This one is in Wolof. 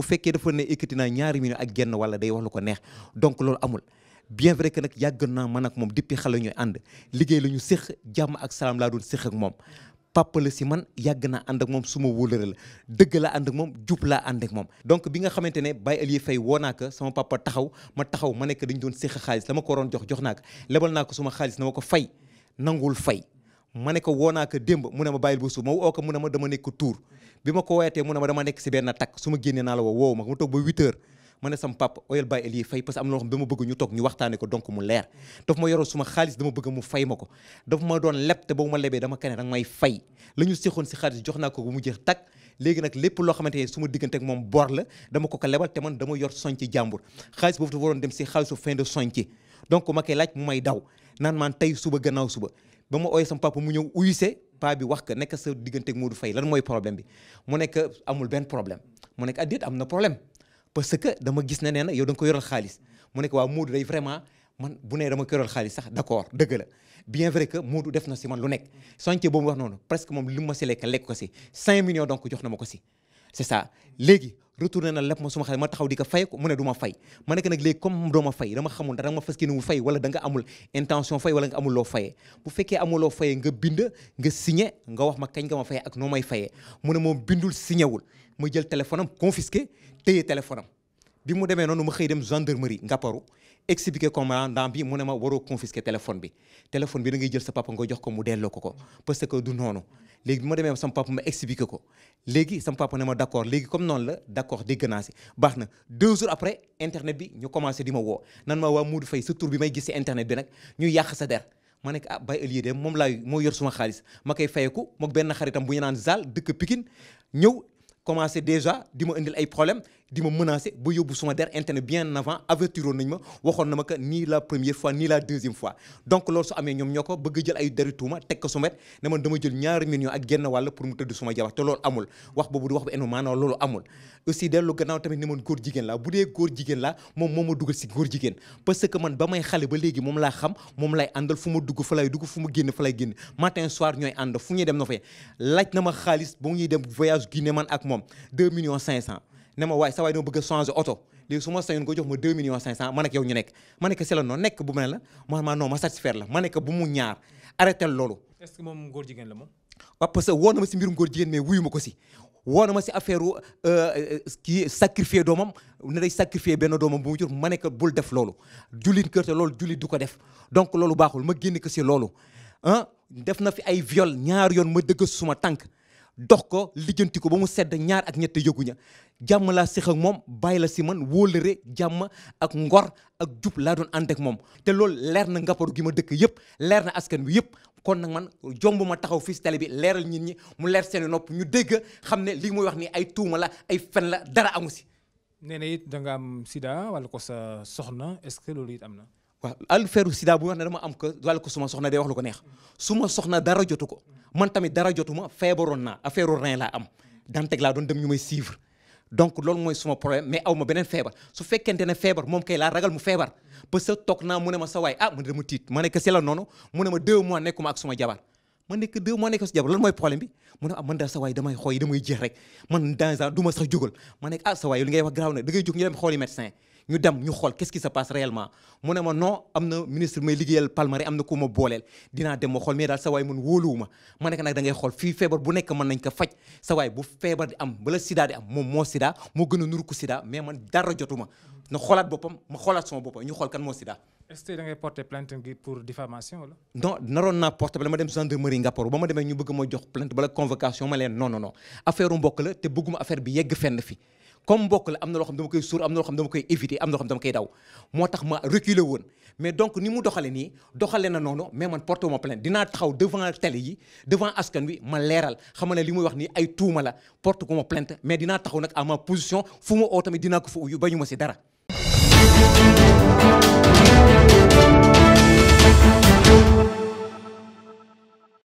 bu fekkee dafa ne ekkati naa ñaari million ak genn wala day wax lu ko neex donc loolu amul bien vrai que nag yàgg naa man ak moom depuis xale ñuy ànd liggéey la ñu séq jàmm ak salaam laa doon séq ak moom papa si man yàgg naa ànd ak moom su ma wóolëre la dëgg laa ànd ak moom jub laa ànd ak moom donc bi nga xamante ne Baye Aliou Faye woo naa ko sama papa taxaw ma taxaw ma nekk dañu doon séq xaalis la ko waroon jox jox naa ko lebal naa ko suma xaalis na ko fay nanguwul fay ma ne ko woo naa ko démb mu ma bàyyil ba suuf ma woo ko mu ne ma dama nekk tuur bi ma ko woyatee mu ne ma dama nekk si benn takk su ma génnee naa la woo woowu ma ma toog ba 8 heures ma ne sama papa oyal bàyyi Elie fay parce que am na loo ñu toog ñu waxtaane ko donc mu leer daf ma xaalis dama bëgg mu fay ma ko daf ma doon leb te ma lebee dama kane danga may fay la ñu séxoon si xaalis jox naa ko bu mu jeex takk léegi nag lépp loo xamante ne su ma moom bor la dama ko ko lebal te man dama yor soñci jàmbur xaalis boobu dafa waroon dem si xaalisu fin de soñci donc ma koy laaj mu may daw naan maan tey suba gannaaw suba ba ma ooyee sama papa mu ñëw uyuse paa bi wax que nekk sa digganteeg Modou fay lan mooy problème bi mu nekk amul benn problème mu nekk addit ah, am na problème parce que dama gis ne nee na yow da ko yoral xaalis mu nekk waa Modou day vraiment man bu nee dama ko yoral xaalis sax d'accord dëgg la bien vrai que Modou def na si man lu nekk chantier boobu wax noonu presque moom lim ma si lekk lekk ko si 5 millions donc jox na ma ko si c'est ça léegi retourné na lépp ma suma xale ma taxaw di ko fay ko mu ne du ma fay ma nekk nag léegi comme doo ma fay dama xamul dara ma fas yéene wu fay wala da nga amul intention fay wala nga amul loo fayee bu fekkee amul loo nga bind nga signé nga wax ma kañ nga ma fayee ak noo may fayee mu ne moom bindul signé wul ma jël téléphone am confisqué téye téléphone am bi mu demee noonu ma xëy dem nga gendarmerie ngàpparu expliqué commandant bi mu ne ma waroo confisquer téléphone bi téléphone bi da ngay jël sa papa nga jox ko mu delloo ko ko parce que du noonu léegi bi ma demee sama papa ma expliqué ko léegi sama papa ne ma d' léegi comme noonu la d' accord dégg naa si baax na deux jours après internet bi ñu commencé di ma woo nan ma waa Moodu Faye sa tur bi may gis si bi nag ñu yàq sa der ma nekk ah Baye Aliou de moom laay moo yor suma xaalis ma koy fayeku mook benn xaritam bu ñu naan Zal dëkk Pikine ñëw commencé déjà di ma indil ay problème di ma menacer ba yóbbu suma der internet bien avant avertiroon nañ ma waxoon na ma que ni la première fois ni la deuxième fois donc loolu su amee ñoom ñoo ko bëgg jël ay deri tuuma teg ko su met ne ñaari millions ak genn wàll pour mu tëdd suma jabar te loolu amul wax boobu du wax bu enu maanaam loolu amul aussi dellu gannaaw tamit ne man góor jigéen laa bu dee góor jigéen laa moom moo ma dugal si góor jigéen parce que man ba may xale ba léegi moom laa xam moom lay àndal fu ma dugg fa lay dugg fu ma génn fa lay génn matin soir ñooy ànd fu ñuy dem na na ma xaalis ba ñuy dem voyage Guinée man ak moom deux millions cinq cent ne ma waaye sa waay dama bëgg a changer oto léegi su ma sañoon ko jox ma 2 millions 500 ma nekk yow ñu nekk ma nekk si la noonu nekk bu mel la ma ma non ma satisfaire la ma nekk bu mu ñaar arrêté loolu. est na ma si mbirum góor jigéen mais wuyu ma ko si. woo ma si affaire euh, euh, sacrifier doomam ne day sacrifier benn doomam bu mu jur ma nekk bul def loolu. jullit kër loolu jullit du ko def donc loolu baaxul ma génn ko si loolu ah def na fi ay viol ñaar yoon ma dëgg suma tànk. dox ko lijjanti ko ba mu sedd ñaar ak ñett yëguña jàmm laa séq ak moom bàyyi la si man wóolëre jàmm ak ngor ak jub laa doon ànd moom te loolu leer na nga ngapparu gi ma dëkk yëpp leer na askan bi yëpp kon nag man jomb ma taxaw fii si tali bi leeral nit ñi mu leer seen nopp ñu dégg xam ne lii muy wax nii ay tuuma la ay fen la dara amu si nee na it da nga wala ko sa soxna est-ce que loolu it am na waaw alferu sida bu wax ne dama am ko wàllu ko suma soxna day wax lu ko neex suma soxna dara jotu ko man tami dara jotu ma feebaroon naa affaire rein laa am danteg laa doon dem ñu may suivre donc loolu mooy suma problème mais aw ma beneen feebar su fekkente ne feebar moom kay laa ragal mu feebar parce que toog naa mu ne ma sa waay ah mu ne dama tiit ma nekk si la noonu mu ne ma deux mois nekkuma ak suma jabar ma ne deux mois nekk si mooy problème bi mu ne ah man daal sa waay damay xooy damay jeex rek man ma sax jógal ma nekk ah sa waay li na da ngay jóg ñu dem xooli médecin ñu dem ñu xool qu'est-ce qui se passe réellement mu ne ma no am na ministre may liggéeyal Palmarin am na ku ma booleel dinaa dem ma xool mais daal sa waay mun ma nekk nag da ngay xool fii feebar bu nekk mën nañ ko faj sa waay bu feebar di am bala sida di am moom moo sida moo gën a nuru ko sida mais man dara jotuma na xoolaat boppam ma xoolaat sama boppam ñu xool kan moo sida est-ce que da ngay pour diffamation wala. non naroon naa porter ba ma ñu bëgg ma jox plainte bala convocation ma leen non non te bëgguma affaire bi yegg fenn fi comme mbokk la am na loo xam dama koy suur am na loo xam dama koy éviter am na loo xam dama koy daw moo tax ma reculer woon mais donc ni mu doxale nii doxale na noonu mais man porté ma plainte dinaa taxaw devant télé yi devant askan wi ma leeral xam ne li muy wax nii ay tuuma la porte ko ma plainte mais dinaa taxaw nag à ma position fu ma oo tamit dinaa ko fa uyu bañu ma si dara